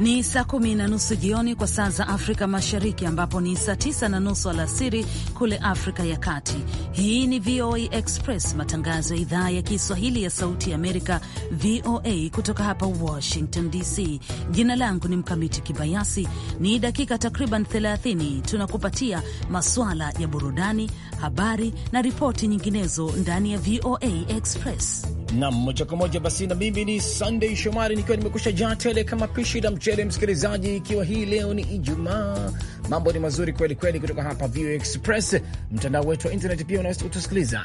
Ni saa kumi na nusu jioni kwa saa za Afrika Mashariki, ambapo ni saa tisa na nusu alasiri kule Afrika ya Kati. Hii ni VOA Express, matangazo ya idhaa ya Kiswahili ya Sauti ya Amerika, VOA kutoka hapa Washington DC. Jina langu ni Mkamiti Kibayasi. Ni dakika takriban 30 tunakupatia maswala ya burudani, habari na ripoti nyinginezo ndani ya VOA Express na moja kwa moja basi, na mimi ni Sunday Shomari nikiwa nimekusha jaa tele kama pishi la mchele, msikilizaji, ikiwa hii leo ni Ijumaa, mambo ni mazuri kweli kweli kutoka hapa VOA Express. Mtandao wetu wa internet pia unaweza kutusikiliza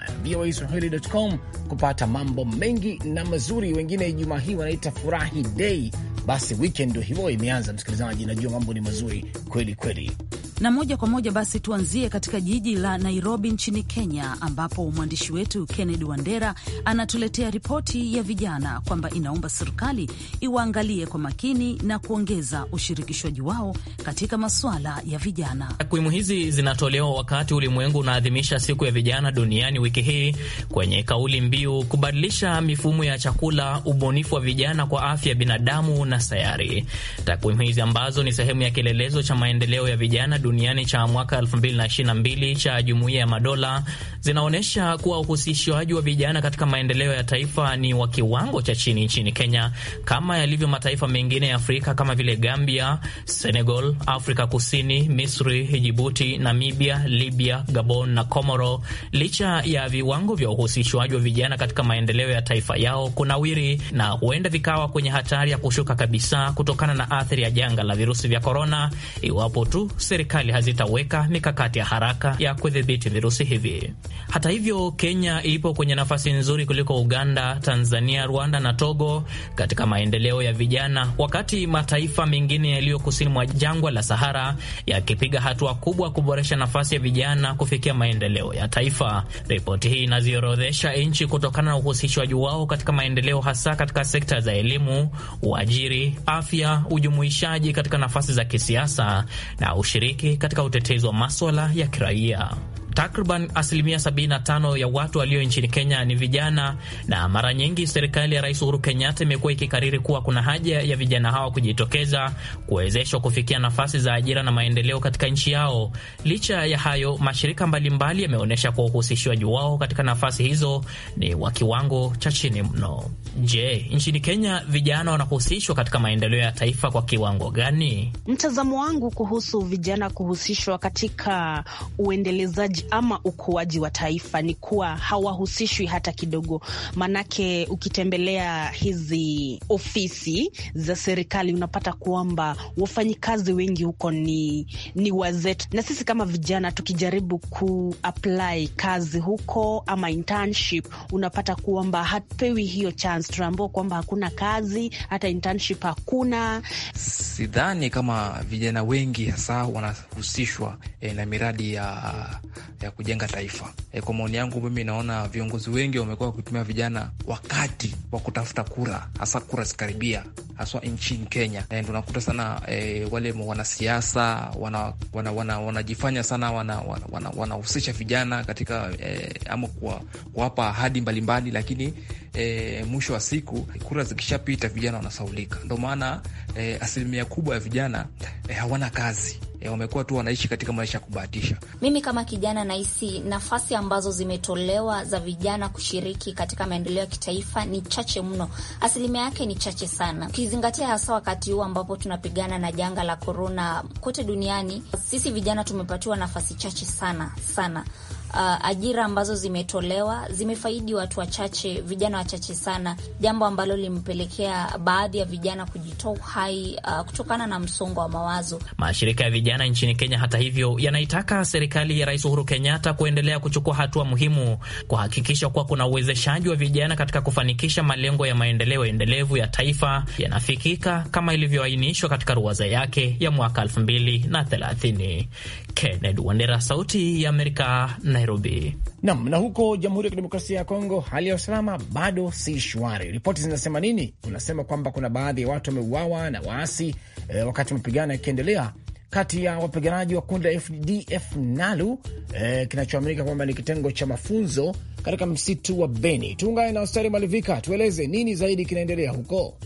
Swahili.com kupata mambo mengi na mazuri. Wengine Ijumaa hii wanaita furahi dai basi weekend ndio hivyo imeanza. Msikilizaji, najua mambo ni mazuri kweli kweli. Na moja kwa moja basi tuanzie katika jiji la Nairobi nchini Kenya, ambapo mwandishi wetu Kennedy Wandera anatuletea ripoti ya vijana kwamba inaomba serikali iwaangalie kwa makini na kuongeza ushirikishwaji wao katika masuala ya vijana. Takwimu hizi zinatolewa wakati ulimwengu unaadhimisha siku ya vijana duniani wiki hii, kwenye kauli mbiu kubadilisha mifumo ya chakula, ubunifu wa vijana kwa afya ya binadamu na sayari. Takwimu hizi ambazo ni sehemu ya kielelezo cha maendeleo ya vijana duniani cha mwaka 2022 cha Jumuiya ya Madola zinaonyesha kuwa uhusishwaji wa vijana katika maendeleo ya taifa ni wa kiwango cha chini nchini Kenya, kama yalivyo mataifa mengine ya Afrika kama vile Gambia, Senegal, Afrika Kusini, Misri, Jibuti, Namibia, Libya, Gabon na Komoro. Licha ya viwango vya uhusishwaji wa vijana katika maendeleo ya taifa yao kunawiri, na huenda vikawa kwenye hatari ya kushuka kabisa kutokana na athari ya janga la virusi vya korona, iwapo tu serikali serikali hazitaweka mikakati ya haraka ya kudhibiti virusi hivi. Hata hivyo, Kenya ipo kwenye nafasi nzuri kuliko Uganda, Tanzania, Rwanda na Togo katika maendeleo ya vijana, wakati mataifa mengine yaliyo kusini mwa jangwa la Sahara yakipiga hatua kubwa kuboresha nafasi ya vijana kufikia maendeleo ya taifa. Ripoti hii inaziorodhesha nchi kutokana na uhusishwaji wao katika maendeleo, hasa katika sekta za elimu, uajiri, afya, ujumuishaji katika nafasi za kisiasa na ushiriki katika utetezi wa maswala ya kiraia. Takriban asilimia 75 ya watu walio nchini Kenya ni vijana, na mara nyingi serikali ya Rais Uhuru Kenyatta imekuwa ikikariri kuwa kuna haja ya vijana hawa kujitokeza kuwezeshwa kufikia nafasi za ajira na maendeleo katika nchi yao. Licha ya hayo, mashirika mbalimbali yameonyesha kuwa uhusishwaji wao katika nafasi hizo ni wa kiwango cha chini mno. Je, nchini Kenya vijana wanahusishwa katika maendeleo ya taifa kwa kiwango gani? Mtazamo wangu kuhusu vijana kuhusishwa katika uendelezaji ukuaji ama ukuaji wa taifa ni kuwa hawahusishwi hata kidogo. Manake ukitembelea hizi ofisi za serikali unapata kwamba wafanyikazi wengi huko ni, ni wazetu, na sisi kama vijana tukijaribu kuapply kazi huko ama internship, unapata kwamba hatupewi hiyo chance. Tunaambiwa kwamba hakuna kazi, hata internship hakuna. Sidhani kama vijana wengi hasa wanahusishwa eh, na miradi ya ya kujenga taifa. E, kwa maoni yangu mimi naona viongozi wengi wamekuwa wakitumia vijana wakati wa kutafuta kura, hasa kura zikaribia, haswa nchini Kenya. E, eh, ndo sana e, wale wanasiasa wanajifanya wana, wana, wana sana wanahusisha wana, wana, wana vijana katika e, ama kuwapa ahadi mbalimbali, lakini e, mwisho wa siku kura zikishapita vijana wanasaulika. Ndo maana e, asilimia kubwa ya vijana e, hawana kazi e, wamekuwa tu wanaishi katika maisha ya kubahatisha. Mimi kama kijana nahisi nafasi ambazo zimetolewa za vijana kushiriki katika maendeleo ya kitaifa ni chache mno, asilimia yake ni chache sana, ukizingatia hasa wakati huu ambapo tunapigana na janga la korona kote duniani. Sisi vijana tumepatiwa nafasi chache sana sana uh, ajira ambazo zimetolewa zimefaidi watu wachache, vijana wachache sana, jambo ambalo limepelekea baadhi ya vijana kujitoa uhai uh, kutokana na msongo wa mawazo. Mashirika ya vijana nchini Kenya, hata hivyo, yanaitaka serikali ya Rais Uhuru Kenyatta kuendelea kuchukua hatua muhimu kuhakikisha kuwa kuna uwezeshaji wa vijana katika kufanikisha malengo ya maendeleo endelevu ya taifa yanafikika kama ilivyoainishwa katika ruwaza yake ya mwaka 2030. Kennedy Wandera, Sauti ya Amerika na Nairobi. Nam na huko Jamhuri ya Kidemokrasia ya Kongo, hali ya usalama bado si shwari. Ripoti zinasema nini? Unasema kwamba kuna baadhi ya watu wameuawa na waasi e, wakati mapigano yakiendelea kati ya wapiganaji wa kundi la FDF NALU e, kinachoaminika kwamba ni kitengo cha mafunzo katika msitu wa Beni. Tuungane na Ostari Malivika, tueleze nini zaidi kinaendelea huko.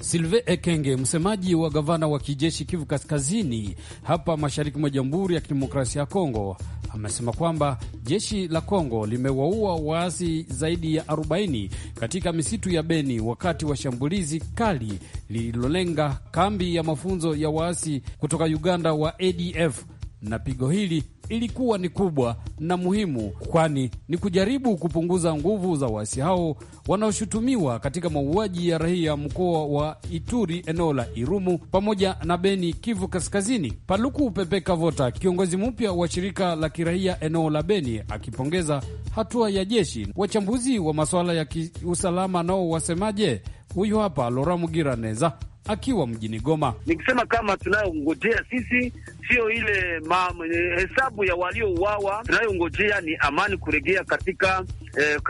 Silve Ekenge, msemaji wa gavana wa kijeshi Kivu Kaskazini hapa mashariki mwa Jamhuri ya Kidemokrasia ya Kongo, amesema kwamba jeshi la Kongo limewaua waasi zaidi ya 40 katika misitu ya Beni wakati wa shambulizi kali lililolenga kambi ya mafunzo ya waasi kutoka Uganda wa ADF na pigo hili ilikuwa ni kubwa na muhimu, kwani ni kujaribu kupunguza nguvu za waasi hao wanaoshutumiwa katika mauaji ya raia mkoa wa Ituri, eneo la Irumu pamoja na Beni, Kivu Kaskazini. Paluku Pepeka Vota, kiongozi mpya wa shirika la kiraia eneo la Beni, akipongeza hatua ya jeshi. Wachambuzi wa masuala ya kiusalama nao wasemaje? Huyu hapa Lora Mugiraneza akiwa mjini Goma. Nikisema kama tunayongojea sisi sio ile ma, hesabu ya waliouawa. Tunayongojea ni amani kuregea katika eh,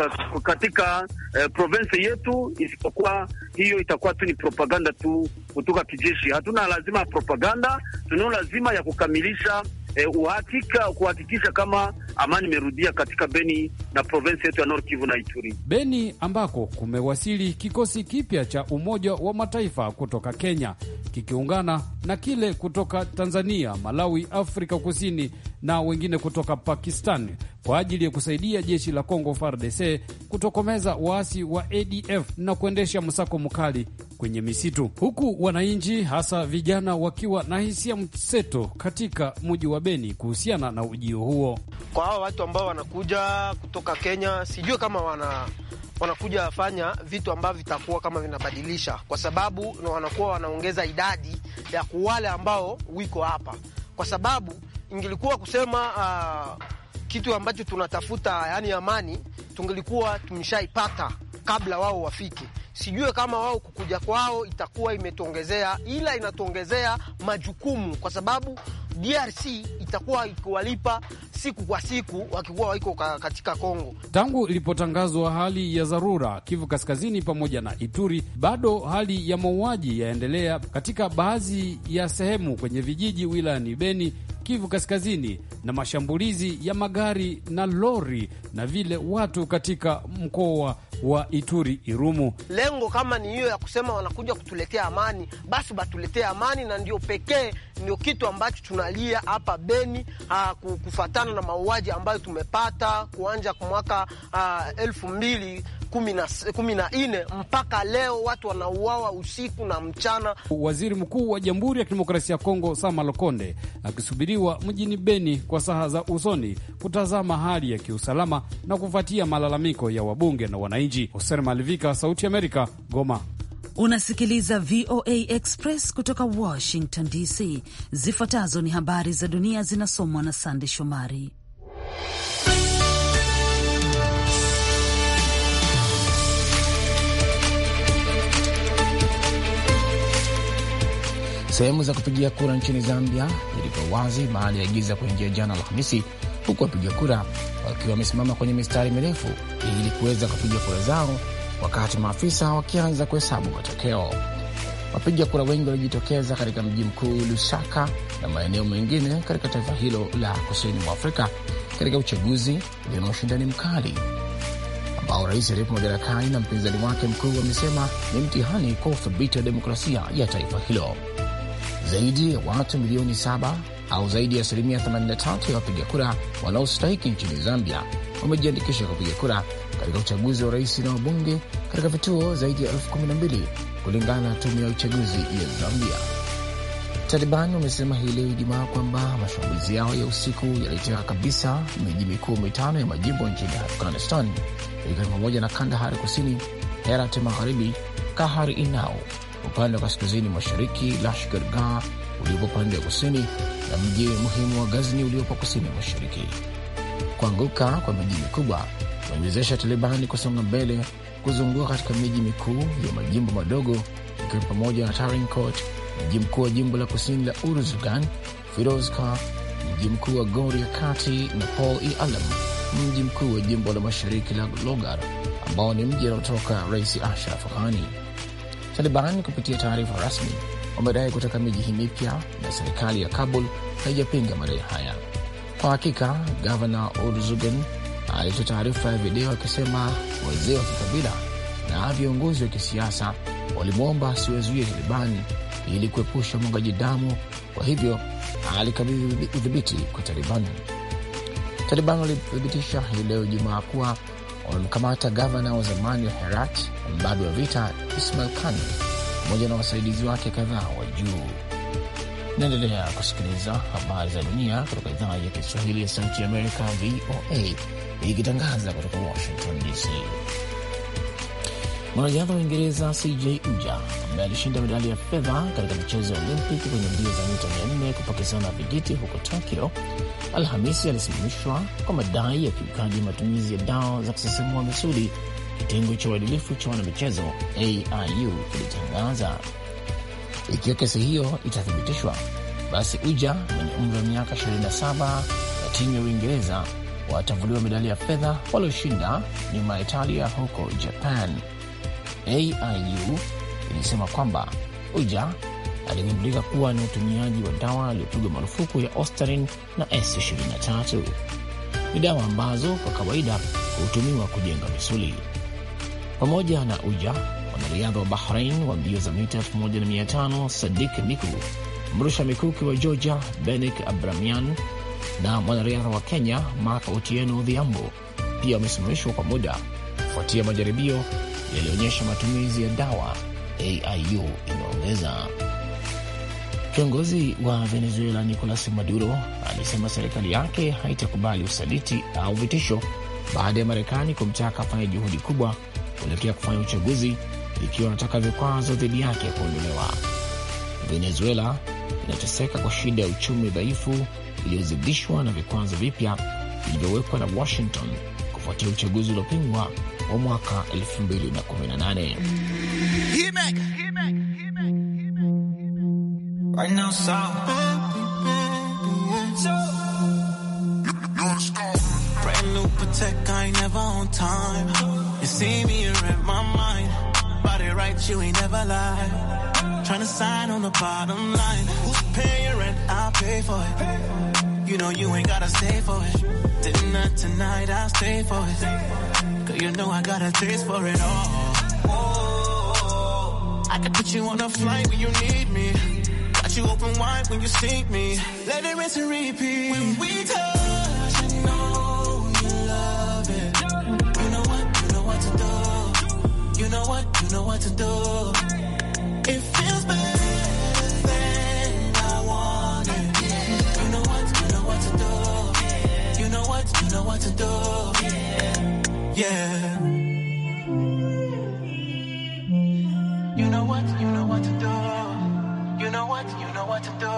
katika eh, provensi yetu, isipokuwa hiyo itakuwa tu ni propaganda tu kutoka kijeshi. Hatuna lazima ya propaganda, tunao lazima ya kukamilisha eh, uhakika kuhakikisha kama amani imerudia katika Beni na provensi yetu ya North Kivu na Ituri. Beni ambako kumewasili kikosi kipya cha Umoja wa Mataifa kutoka Kenya kikiungana na kile kutoka Tanzania, Malawi, Afrika Kusini na wengine kutoka Pakistan kwa ajili ya kusaidia jeshi la congo FARDC kutokomeza waasi wa ADF na kuendesha msako mkali kwenye misitu, huku wananchi hasa vijana wakiwa na hisia mseto katika mji wa Beni kuhusiana na ujio huo. Kwa hao watu ambao wanakuja kutoka Kenya, sijue kama wana wanakuja fanya vitu ambavyo vitakuwa kama vinabadilisha, kwa sababu wanakuwa wanaongeza idadi ya wale ambao wiko hapa, kwa sababu ingilikuwa kusema uh, kitu ambacho tunatafuta, yani amani, tungelikuwa tumeshaipata kabla wao wafike. Sijue kama wao kukuja kwao itakuwa imetuongezea, ila inatuongezea majukumu kwa sababu DRC itakuwa ikiwalipa siku kwa siku wakikuwa waiko katika Kongo. Tangu ilipotangazwa hali ya dharura Kivu Kaskazini pamoja na Ituri, bado hali ya mauaji yaendelea katika baadhi ya sehemu kwenye vijiji wilayani Beni Kivu Kaskazini na mashambulizi ya magari na lori na vile watu katika mkoa wa Ituri Irumu. Lengo kama ni hiyo ya kusema wanakuja kutuletea amani, basi batuletee amani, na ndio pekee ndio kitu ambacho tunalia hapa Beni ah, kufuatana kufatana na mauaji ambayo tumepata kuanja kwa mwaka ah, elfu mbili kumi na nne mpaka leo watu wanauawa usiku na mchana. Waziri Mkuu wa Jamhuri ya Kidemokrasia ya Kongo Sama Lokonde akisubiriwa mjini Beni kwa saha za usoni kutazama hali ya kiusalama na kufuatia malalamiko ya wabunge na wananchi. Hoser Malivika, Sauti Amerika, Goma. Unasikiliza VOA Express kutoka Washington DC. Zifuatazo ni habari za dunia zinasomwa na Sande Shomari. Sehemu za kupigia kura nchini Zambia ilipo wazi baada ya giza kuingia jana Alhamisi, huku wapiga kura wakiwa wamesimama kwenye mistari mirefu ili kuweza kupiga kura zao, wakati maafisa wakianza kuhesabu matokeo. Wapiga kura wengi walijitokeza katika mji mkuu Lusaka na maeneo mengine katika taifa hilo la kusini mwa Afrika katika uchaguzi ulio ushindani mkali ambao rais aliyepo madarakani na mpinzani wake mkuu wamesema ni mtihani kwa uthabiti wa demokrasia ya taifa hilo zaidi ya watu milioni saba au zaidi ya asilimia 83 ya wapiga kura wanaostahiki nchini Zambia wamejiandikisha kupiga kura katika uchaguzi wa rais na wabunge katika vituo zaidi ya elfu 12 kulingana na tume ya uchaguzi ya Zambia. Taliban wamesema hii leo Ijumaa kwamba mashambulizi yao ya usiku yaliteka kabisa miji mikuu mitano ya majimbo nchini Afghanistan, ikiwa ni pamoja na Kandahar kusini, Herat magharibi, kahari inao upande wa kaskazini mashariki Lashkar uliopo upande wa kusini na mji muhimu wa Ghazni uliopo kusini mashariki. Kuanguka kwa miji mikubwa kumewezesha Talibani kusonga mbele, kuzunguka katika miji mikuu ya majimbo madogo, ikiwa pamoja na Tarinkot, mji mkuu wa jimbo la kusini la Uruzgan, Firozkar, mji mkuu wa Gori ya kati, na Paul e Alam, mji mkuu wa jimbo la mashariki la Logar, ambao ni mji anaotoka Rais Ashraf Ghani. Taliban kupitia taarifa rasmi wamedai kutaka miji hii mipya na serikali ya Kabul haijapinga madai haya. Kwa hakika, gavana Urzugen alitoa taarifa ya video akisema wazee wa kikabila na viongozi wa kisiasa walimwomba asiwazuie Talibani ili kuepusha mwagaji damu. Kwa hivyo alikabidhi udhibiti kwa Taliban. Taliban walithibitisha hii leo Jumaa kuwa wamemkamata gavana wa zamani wa Herat mbabe wa vita Ismail Khan pamoja na wasaidizi wake kadhaa wa juu. Naendelea kusikiliza habari za dunia kutoka idhaa ya Kiswahili ya Sauti ya Amerika, VOA, ikitangaza kutoka Washington DC mwanariadha wa Uingereza CJ Uja ambaye alishinda medali ya fedha katika michezo ya Olimpiki kwenye mbio za mita nne kupokezana na vijiti huko Tokyo Alhamisi alisimamishwa kwa madai ya kiukaji matumizi ya dawa za kusisimua misuli, kitengo cha uadilifu cha wanamichezo AIU kilitangaza. Ikiwa kesi hiyo itathibitishwa, basi Uja mwenye umri wa miaka 27 na timu ya Uingereza watavuliwa medali ya fedha walioshinda nyuma ya Italia huko Japan. AIU ilisema kwamba Uja aligundulika kuwa ni utumiaji wa dawa aliyopigwa marufuku ya Ostarin na S23. Ni dawa ambazo kwa kawaida hutumiwa kujenga misuli. Pamoja na Uja, mwanariadha wa Bahrain wa mbio za mita 1500 Sadik Miku, mrusha mikuki wa Georgia Benik Abramian na mwanariadha wa Kenya Mark Otieno Odhiambo pia wamesimamishwa kwa muda kufuatia majaribio yalionyesha matumizi ya dawa, AIU imeongeza. Kiongozi wa Venezuela Nicolas Maduro alisema serikali yake haitakubali usaliti au vitisho baada ya Marekani kumtaka afanya juhudi kubwa kuelekea kufanya uchaguzi ikiwa anataka vikwazo dhidi yake kuondolewa. Venezuela inateseka kwa shida ya uchumi dhaifu iliyozidishwa na vikwazo vipya vilivyowekwa na Washington kufuatia uchaguzi uliopingwa wa mwaka 2018. you ain't never lie. Tryna sign on the bottom line. Who's paying your rent? i pay for it. You know you ain't gotta stay for it. Dinner tonight, I'll stay for it you know I got a taste for it all. I can put you on a flight when you need me. Got you open wide when you see me. Let it rinse and repeat. When we touch, I know you love it. You know what, you know what to do. You know what, you know what to do. It feels better than I want it. You know what, you know what to do. You know what, you know what to do yeah. You know what, you know what to do. You know what, you know what to do.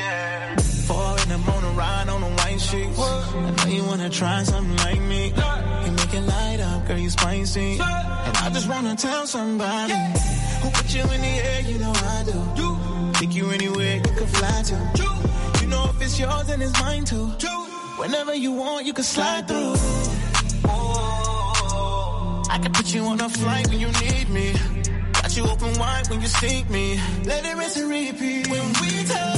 Yeah. Four in the morning, ride on the white sheets. I know you wanna try something like me. You make it light up, girl, you spicy. And I just wanna tell somebody who put you in the air, you know I do. You take you anywhere you can fly to. You know if it's yours, then it's mine too. Whenever you want, you can slide through. I can put you on a flight when you need me. Got you open wide when you seek me. Let it rinse and repeat. When we talk.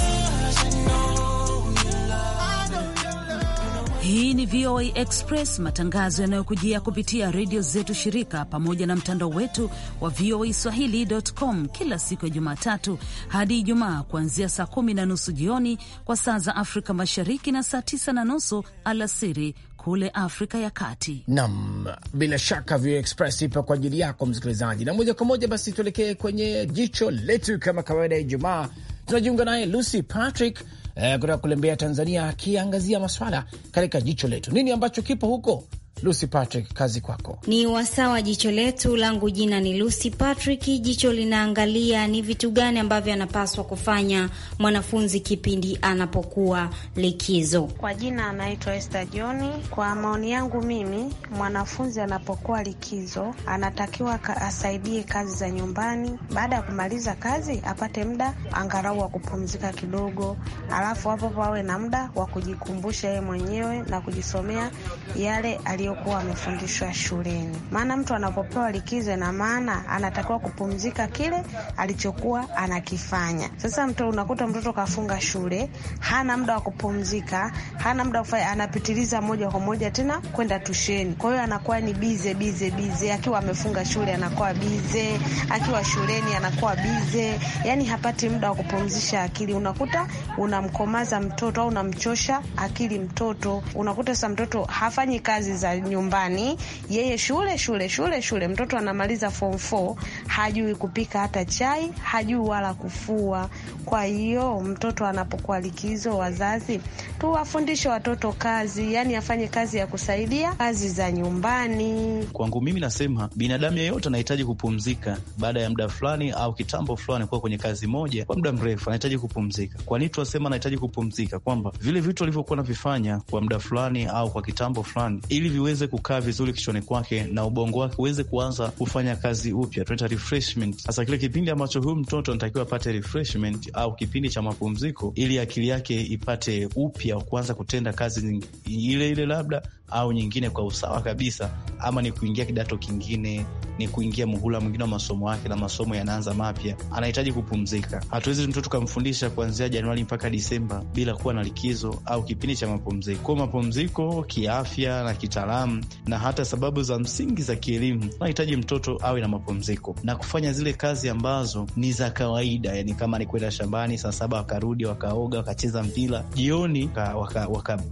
Hii ni VOA Express, matangazo yanayokujia kupitia redio zetu shirika pamoja na mtandao wetu wa VOA Swahili.com kila siku ya Jumatatu hadi Ijumaa, kuanzia saa kumi na nusu jioni kwa saa za Afrika Mashariki na saa tisa na nusu alasiri kule Afrika ya Kati. Nam, bila shaka VOA Express ipo kwa ajili yako msikilizaji, na moja kwa moja basi tuelekee kwenye jicho letu. Kama kawaida ya Ijumaa tunajiunga naye Lucy Patrick eh, kutoka kulembea Tanzania, akiangazia maswala katika jicho letu. Nini ambacho kipo huko Lucy Patrick, kazi kwako. Ni wasawa. Jicho letu langu jina ni Lucy Patrick. Jicho linaangalia ni vitu gani ambavyo anapaswa kufanya mwanafunzi kipindi anapokuwa likizo. Kwa jina anaitwa Esther John. Kwa maoni yangu mimi, mwanafunzi anapokuwa likizo anatakiwa asaidie kazi za nyumbani. Baada ya kumaliza kazi, apate muda angalau wa kupumzika kidogo, alafu hapo awe na muda wa kujikumbusha yeye mwenyewe na kujisomea yale aliyo waliokuwa wamefundishwa shuleni, maana mtu anapopewa likizo, na maana anatakiwa kupumzika kile alichokuwa anakifanya. Sasa mtu unakuta mtoto kafunga shule, hana muda wa kupumzika, hana muda wa anapitiliza moja kwa moja tena kwenda tusheni. Kwa hiyo anakuwa ni bize bize bize, akiwa amefunga shule anakuwa bize, akiwa shuleni anakuwa bize, yani hapati muda wa kupumzisha akili. Unakuta unamkomaza mtoto au unamchosha akili mtoto, unakuta sasa mtoto hafanyi kazi za nyumbani, yeye shule shule shule shule. Mtoto anamaliza form 4 hajui kupika hata chai, hajui wala kufua. Kwa hiyo mtoto anapokuwa likizo, wazazi tuwafundishe watoto kazi, yani afanye kazi ya kusaidia, kazi za nyumbani. Kwangu mimi nasema binadamu yeyote anahitaji kupumzika baada ya muda fulani au kitambo fulani, kuwa kwenye kazi moja kwa muda mrefu, anahitaji kupumzika. Kwa nini tunasema anahitaji kupumzika? Kwamba vile vitu alivyokuwa navifanya kwa muda fulani au kwa kitambo fulani ili uweze kukaa vizuri kichwani kwake na ubongo wake uweze kuanza kufanya kazi upya, tunaita refreshment. Sasa kile kipindi ambacho huyu mtoto anatakiwa apate refreshment au kipindi cha mapumziko, ili akili yake ipate upya kuanza kutenda kazi ile ile labda au nyingine kwa usawa kabisa, ama ni kuingia kidato kingine, ni kuingia muhula mwingine wa masomo yake, na masomo yanaanza mapya. Anahitaji kupumzika. Hatuwezi mtoto tukamfundisha kuanzia Januari mpaka Disemba bila kuwa na likizo au kipindi cha mapumziko. Kwa mapumziko kiafya na kitaalamu kufahamu na hata sababu za msingi za kielimu, tunahitaji mtoto awe na mapumziko na kufanya zile kazi ambazo ni za kawaida, yani kama ni kwenda shambani saa saba wakarudi wakaoga wakacheza mpira, jioni wakarudi waka,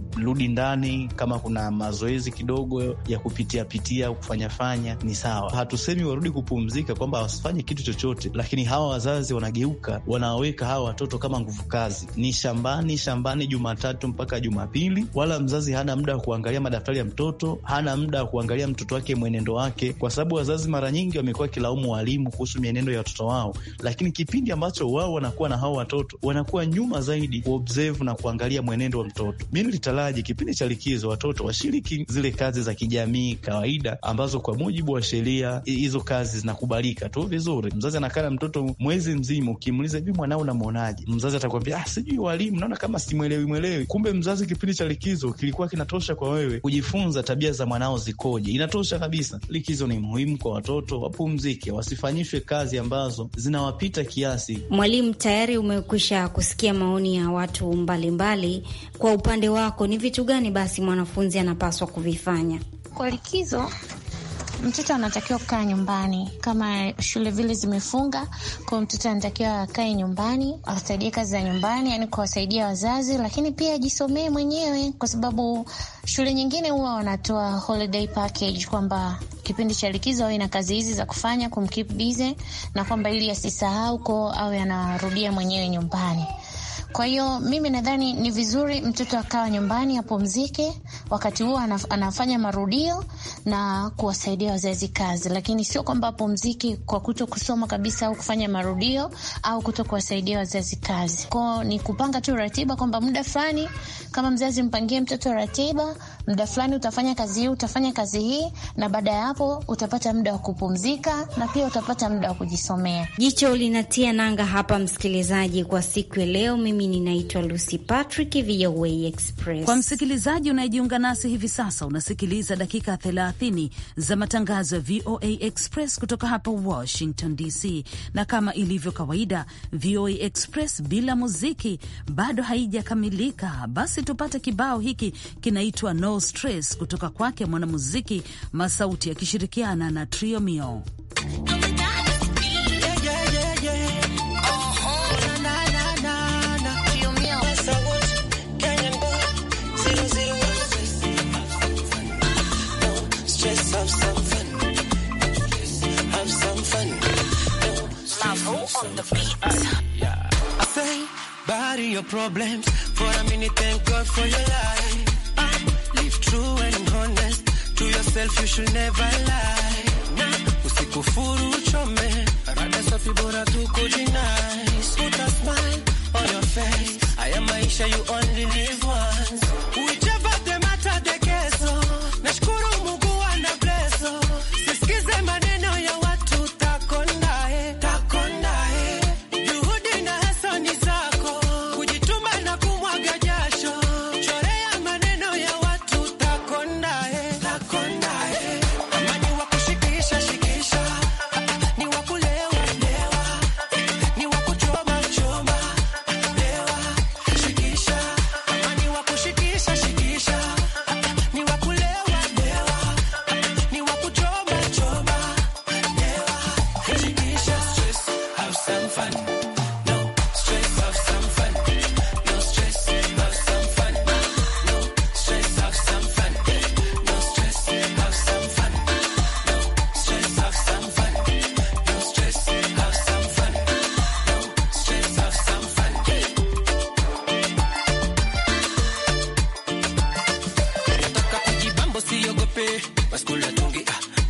ndani, kama kuna mazoezi kidogo ya kupitiapitia pitia kufanya fanya ni sawa. Hatusemi warudi kupumzika kwamba wasifanye kitu chochote, lakini hawa wazazi wanageuka, wanaweka hawa watoto kama nguvu kazi, ni shambani shambani, Jumatatu mpaka Jumapili, wala mzazi hana muda wa kuangalia madaftari ya mtoto hana muda wa kuangalia mtoto wake mwenendo wake, kwa sababu wazazi mara nyingi wamekuwa kilaumu walimu kuhusu mienendo ya watoto wao, lakini kipindi ambacho wao wanakuwa na hao watoto wanakuwa nyuma zaidi kuobserve na kuangalia mwenendo wa mtoto. Mi nilitaraji kipindi cha likizo watoto washiriki zile kazi za kijamii kawaida ambazo kwa mujibu wa sheria hizo kazi zinakubalika tu vizuri. Mzazi anakaa na mtoto mwezi mzima, ukimuuliza hivi mwanao unamwonaje, mzazi atakwambia ah, sijui walimu naona kama simwelewi mwelewi. Kumbe mzazi kipindi cha likizo kilikuwa kinatosha kwa wewe kujifunza tabia za mwanao zikoje. Inatosha kabisa. Likizo ni muhimu kwa watoto, wapumzike, wasifanyishwe kazi ambazo zinawapita kiasi. Mwalimu, tayari umekwisha kusikia maoni ya watu mbalimbali mbali. Kwa upande wako ni vitu gani basi mwanafunzi anapaswa kuvifanya kwa likizo? mtoto anatakiwa kukaa nyumbani. Kama shule vile zimefunga, kwa mtoto anatakiwa akae nyumbani, asaidie kazi za nyumbani, yani kuwasaidia wazazi, lakini pia ajisomee mwenyewe, kwa sababu shule nyingine huwa wanatoa holiday package kwamba kipindi cha likizo awe na kazi hizi za kufanya kumkeep busy, na kwamba ili asisahau ko awe anarudia mwenyewe nyumbani. Kwa hiyo mimi nadhani ni vizuri mtoto akawa nyumbani apumzike, wakati huo anafanya marudio na kuwasaidia wazazi kazi, lakini sio kwamba apumzike kwa kuto kusoma kabisa au kufanya marudio au kuto kuwasaidia wazazi kazi. Kwao ni kupanga tu ratiba kwamba muda fulani, kama mzazi mpangie mtoto ratiba muda fulani utafanya kazi hii, utafanya kazi hii, na baada ya hapo utapata muda wa kupumzika na pia utapata muda wa kujisomea. Jicho linatia nanga hapa, msikilizaji, kwa siku ya leo. Mimi ninaitwa Lucy Patrick, VOA Express. Kwa msikilizaji unayejiunga nasi hivi sasa, unasikiliza dakika 30 za matangazo ya VOA Express kutoka hapa Washington DC, na kama ilivyo kawaida, VOA Express bila muziki bado haijakamilika. Basi tupate kibao hiki kinaitwa no Stress kutoka kwake mwanamuziki Masauti akishirikiana na Trio Mio. Say, body your problems for a minute, thank God for your life yourself, you should never lie. Usikufuru uchome, rada safi bora tu kujinai. Put a smile on your face, haya maisha you only live once. Whichever the matter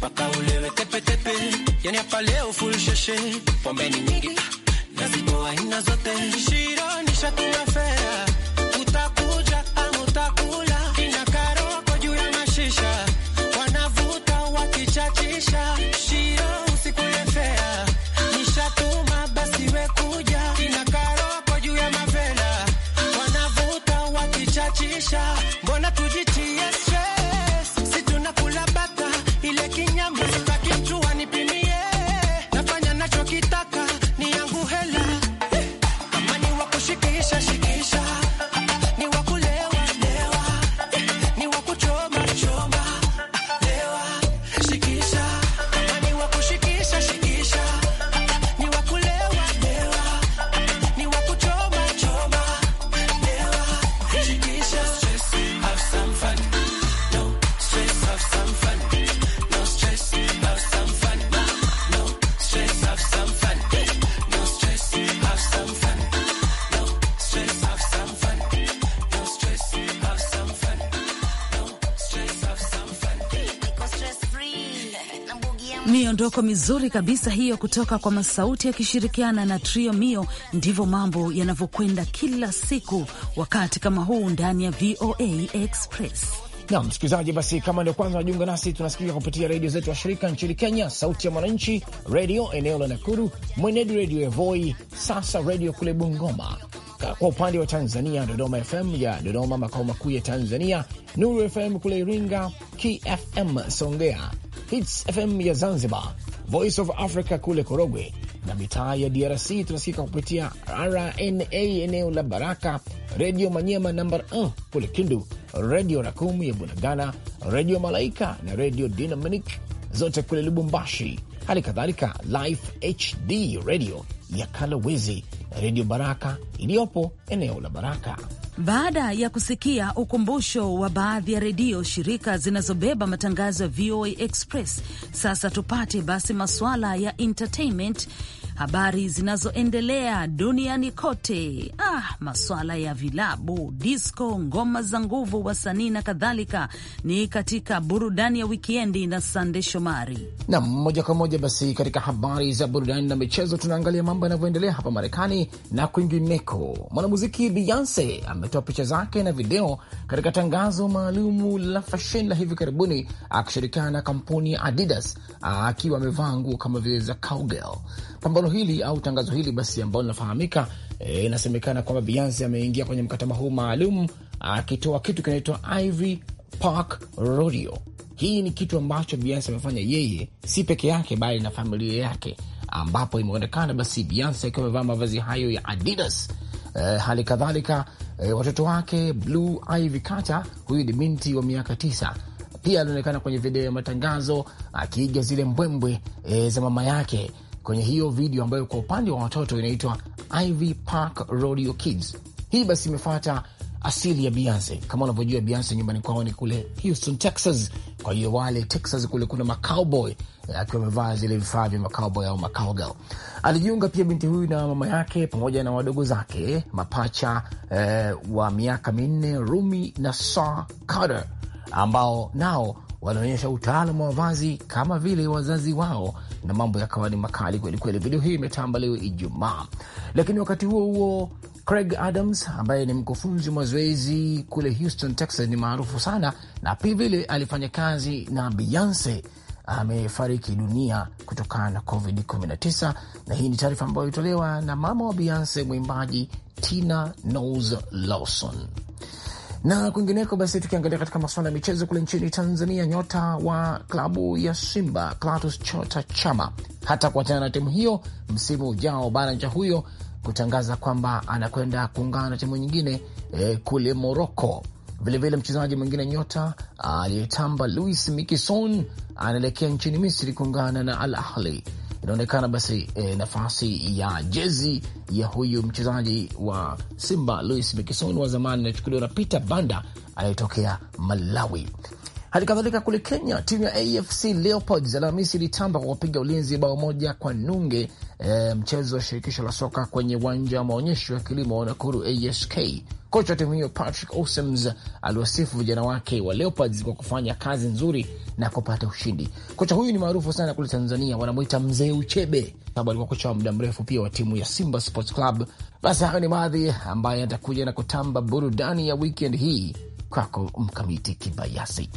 mpaka ulewe tepetepe, yani hapa leo full sheshe, pombe ni nyingi nazitoa aina zote, shiro nishatunga fea, utakuja ama utakula, kina karoko juu ya mashisha wanavuta wakichachisha, shiro usikule fea, nishatuma basi we kuja, kina karoko juu ya mavela wanavuta wakichachisha mbona Miondoko mizuri kabisa hiyo kutoka kwa Masauti yakishirikiana na Trio Mio. Ndivyo mambo yanavyokwenda kila siku wakati kama huu ndani ya VOA Express. Nam msikilizaji, basi kama ndio kwanza unajiunga nasi, tunasikika kupitia redio zetu wa shirika nchini Kenya: Sauti ya Mwananchi redio eneo la Nakuru, Mwenedu redio ya Voi, Sasa redio kule Bungoma, kwa upande wa Tanzania, Dodoma FM ya Dodoma, makao makuu ya Tanzania, Nuru FM kule Iringa, KFM Songea, Hits FM ya Zanzibar, Voice of Africa kule Korogwe na mitaa ya DRC tunasikika kupitia RNA eneo la Baraka, Redio Manyema namba 1 kule Kindu, Redio Rakumu ya Bunagana, Redio Malaika na Redio Dynamic zote kule Lubumbashi, hali kadhalika Life HD Radio ya Kalowezi na Redio Baraka iliyopo eneo la Baraka. Baada ya kusikia ukumbusho wa baadhi ya redio shirika zinazobeba matangazo ya VOA Express, sasa tupate basi masuala ya entertainment habari zinazoendelea duniani kote. Ah, maswala ya vilabu, disco, ngoma za nguvu, wasanii na kadhalika, ni katika burudani ya wikiendi na Sande Shomari nam moja kwa moja. Basi katika habari za burudani na michezo, tunaangalia mambo yanavyoendelea hapa Marekani na kwingineko. Mwanamuziki Beyonce ametoa picha zake na video katika tangazo maalumu la fashion la hivi karibuni akishirikiana na kampuni ya Adidas akiwa amevaa nguo kama vile za cowgirl pambano hili au tangazo hili basi ambalo linafahamika, eh, inasemekana e, kwamba Beyonce ameingia kwenye mkataba huu maalum akitoa kitu kinaitwa Ivy Park Rodeo. Hii ni kitu ambacho Beyonce amefanya yeye, si peke yake, bali na familia yake, ambapo imeonekana basi Beyonce akiwa amevaa mavazi hayo ya Adidas. E, hali kadhalika e, watoto wake Blue Ivy Carter, huyu ni binti wa miaka tisa pia alionekana kwenye video ya matangazo akiiga zile mbwembwe e, za mama yake kwenye hiyo video ambayo kwa upande wa watoto inaitwa Ivy Park Rodeo Kids. Hii basi imefuata asili ya Beyonce. Kama unavyojua, Beyonce nyumbani kwao ni kule Houston, Texas. Kwa hiyo wale Texas kule kuna macowboy eh, akiwa amevaa zile vifaa vya macowboy au macowgirl. Alijiunga pia binti huyu na mama yake pamoja na wadogo zake mapacha eh, wa miaka minne Rumi na Sa Carter ambao nao wanaonyesha utaalamu wa vazi kama vile wazazi wao, na mambo yakawa ni makali kwelikweli. Video hii imetamba leo Ijumaa, lakini wakati huo huo Craig Adams ambaye ni mkufunzi wa mazoezi kule Houston, Texas, ni maarufu sana na pia vile alifanya kazi na Beyonce amefariki dunia kutokana na COVID-19, na hii ni taarifa ambayo ilitolewa na mama wa Beyonce, mwimbaji Tina Knowles Lawson. Na kwingineko basi, tukiangalia katika masuala ya michezo kule nchini Tanzania, nyota wa klabu ya Simba Clatous Chota Chama hata kuachana na timu hiyo msimu ujao, baada huyo kutangaza kwamba anakwenda kuungana na timu nyingine eh, kule Moroko. Vilevile mchezaji mwingine nyota ah, aliyetamba Luis Mikison anaelekea nchini Misri kuungana na Al Ahli inaonekana basi e, nafasi ya jezi ya huyu mchezaji wa Simba Louis Mkison wa zamani inachukuliwa na Peter Banda anayetokea Malawi. Hali kadhalika kule Kenya, timu ya AFC Leopards Alhamisi ilitamba kwa kupiga ulinzi bao moja kwa nunge e, mchezo wa shirikisho la soka kwenye uwanja wa maonyesho ya kilimo wa Nakuru ASK. Kocha wa timu hiyo Patrick Osems aliwasifu vijana wake wa Leopards kwa kufanya kazi nzuri na kupata ushindi. Kocha huyu ni maarufu sana kule Tanzania, wanamwita mzee Uchebe, sababu alikuwa kocha wa muda mrefu pia wa timu ya Simba Sports Club. Basi hayo ni baadhi ambaye atakuja na kutamba burudani ya wikend hii. Kwako Mkamiti Kibayasi.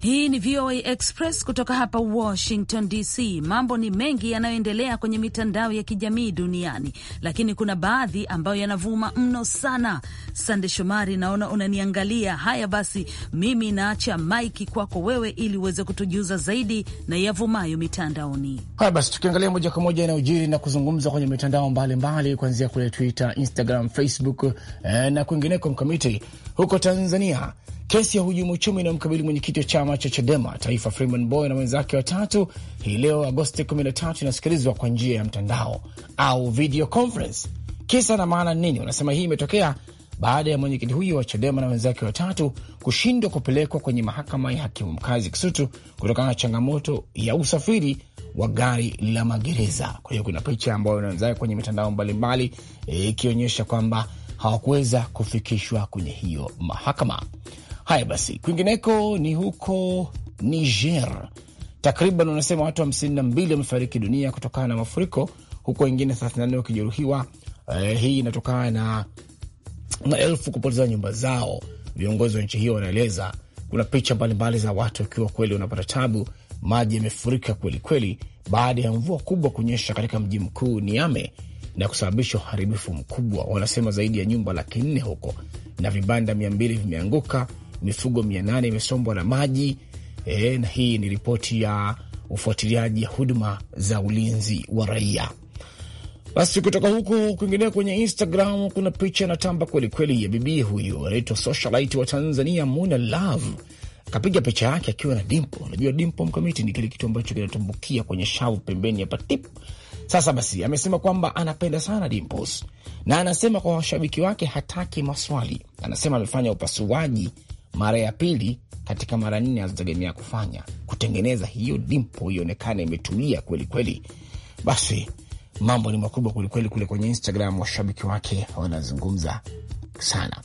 Hii ni VOA Express kutoka hapa Washington DC. Mambo ni mengi yanayoendelea kwenye mitandao ya kijamii duniani, lakini kuna baadhi ambayo yanavuma mno sana. Sande Shomari, naona unaniangalia. Haya basi, mimi naacha maiki kwako wewe, ili uweze kutujuza zaidi na yavumayo mitandaoni. Haya basi, tukiangalia moja kwa moja yanayojiri na kuzungumza kwenye mitandao mbalimbali, kuanzia kule Twitter, Instagram, Facebook eh, na kwingineko. Mkamiti huko Tanzania Kesi ya hujumu uchumi inayomkabili mwenyekiti wa chama cha Chadema taifa Freeman boy na wenzake watatu hii leo Agosti 13 inasikilizwa kwa njia ya mtandao au video conference. Kisa na maana nini? Unasema hii imetokea baada ya mwenyekiti huyo wa Chadema na wenzake watatu kushindwa kupelekwa kwenye mahakama ya hakimu mkazi Kisutu kutokana na changamoto ya usafiri wa gari la magereza. Kwa hiyo kuna picha ambayo inaanza kwenye mitandao mbalimbali eh, ikionyesha e, kwamba hawakuweza kufikishwa kwenye hiyo mahakama. Haya basi, kwingineko ni huko Niger. Takriban wanasema watu mbili wamefariki dunia kutokana na mafuriko huku wengine 34 wakijeruhiwa. Eh, hii inatokana na maelfu kupoteza nyumba zao. Viongozi wa nchi hiyo wanaeleza, kuna picha mbalimbali za watu wakiwa kweli wanapata tabu, maji yamefurika kweli kweli baada ya mvua kubwa kunyesha katika mji mkuu Niame na kusababisha uharibifu mkubwa. Wanasema zaidi ya nyumba laki nne huko na vibanda mia mbili vimeanguka mifugo mia nane imesombwa na maji e, na hii ni ripoti ya ufuatiliaji ya huduma za ulinzi wa raia. Basi kutoka huku kuingilia kwenye Instagram, kuna picha inatamba kwelikweli ya bibii huyu anaitwa socialite wa Tanzania Muna Love kapiga picha yake akiwa na dimpo. Unajua dimpo mkamiti ni kile kitu ambacho kinatumbukia kwenye shavu pembeni hapa tip. Sasa basi, amesema kwamba anapenda sana dimples na anasema kwa washabiki wake hataki maswali. Anasema amefanya upasuaji mara ya pili katika mara nne anazotegemea kufanya kutengeneza hiyo dimpo ionekane imetulia kweli kweli. Basi mambo ni makubwa kwelikweli. Kule kwenye Instagram washabiki wake wanazungumza sana.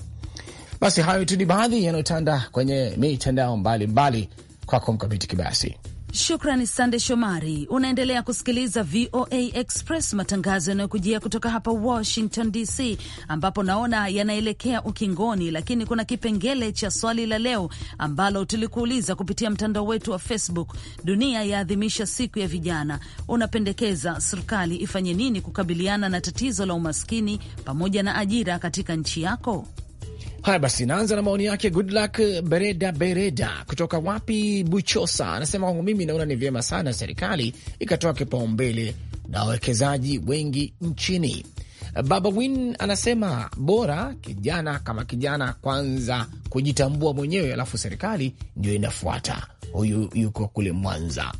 Basi hayo tu ni baadhi yanayotanda kwenye mitandao mbalimbali. Kwako Mkamiti Kibayasi. Shukrani Sande Shomari. Unaendelea kusikiliza VOA Express, matangazo yanayokujia kutoka hapa Washington DC, ambapo naona yanaelekea ukingoni, lakini kuna kipengele cha swali la leo ambalo tulikuuliza kupitia mtandao wetu wa Facebook. Dunia yaadhimisha siku ya vijana, unapendekeza serikali ifanye nini kukabiliana na tatizo la umaskini pamoja na ajira katika nchi yako? Haya basi, naanza na maoni yake Goodluck Bereda Bereda kutoka wapi Buchosa, anasema kwangu mimi naona ni vyema sana serikali ikatoa kipaumbele na wawekezaji wengi nchini Baba Win anasema bora kijana kama kijana kwanza kujitambua mwenyewe, alafu serikali ndio inafuata. Huyu yuko kule Mwanza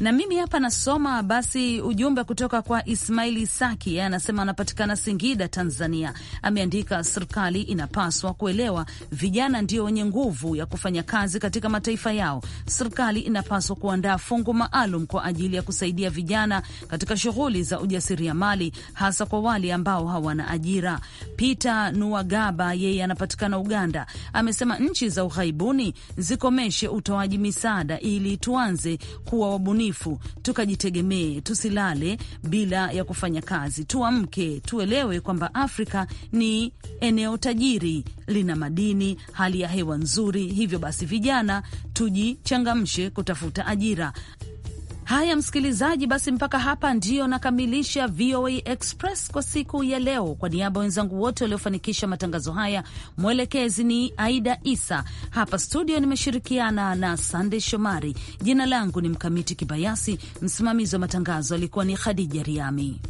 na mimi hapa nasoma basi ujumbe kutoka kwa Ismaili Saki, anasema anapatikana Singida, Tanzania. Ameandika, serikali inapaswa kuelewa vijana ndio wenye nguvu ya kufanya kazi katika mataifa yao. Serikali inapaswa kuandaa fungu maalum kwa ajili ya kusaidia vijana katika shughuli za ujasiriamali, hasa kwa wale ambao ambao hawana ajira. Peter Nuwagaba, yeye anapatikana Uganda, amesema nchi za ughaibuni zikomeshe utoaji misaada ili tuanze kuwa wabunifu, tukajitegemee, tusilale bila ya kufanya kazi, tuamke, tuelewe kwamba Afrika ni eneo tajiri, lina madini, hali ya hewa nzuri. Hivyo basi, vijana tujichangamshe kutafuta ajira. Haya msikilizaji, basi mpaka hapa ndiyo nakamilisha VOA Express kwa siku ya leo. Kwa niaba ya wenzangu wote waliofanikisha matangazo haya, mwelekezi ni Aida Isa, hapa studio nimeshirikiana na Sandey Shomari. Jina langu ni Mkamiti Kibayasi, msimamizi wa matangazo alikuwa ni Khadija Riami.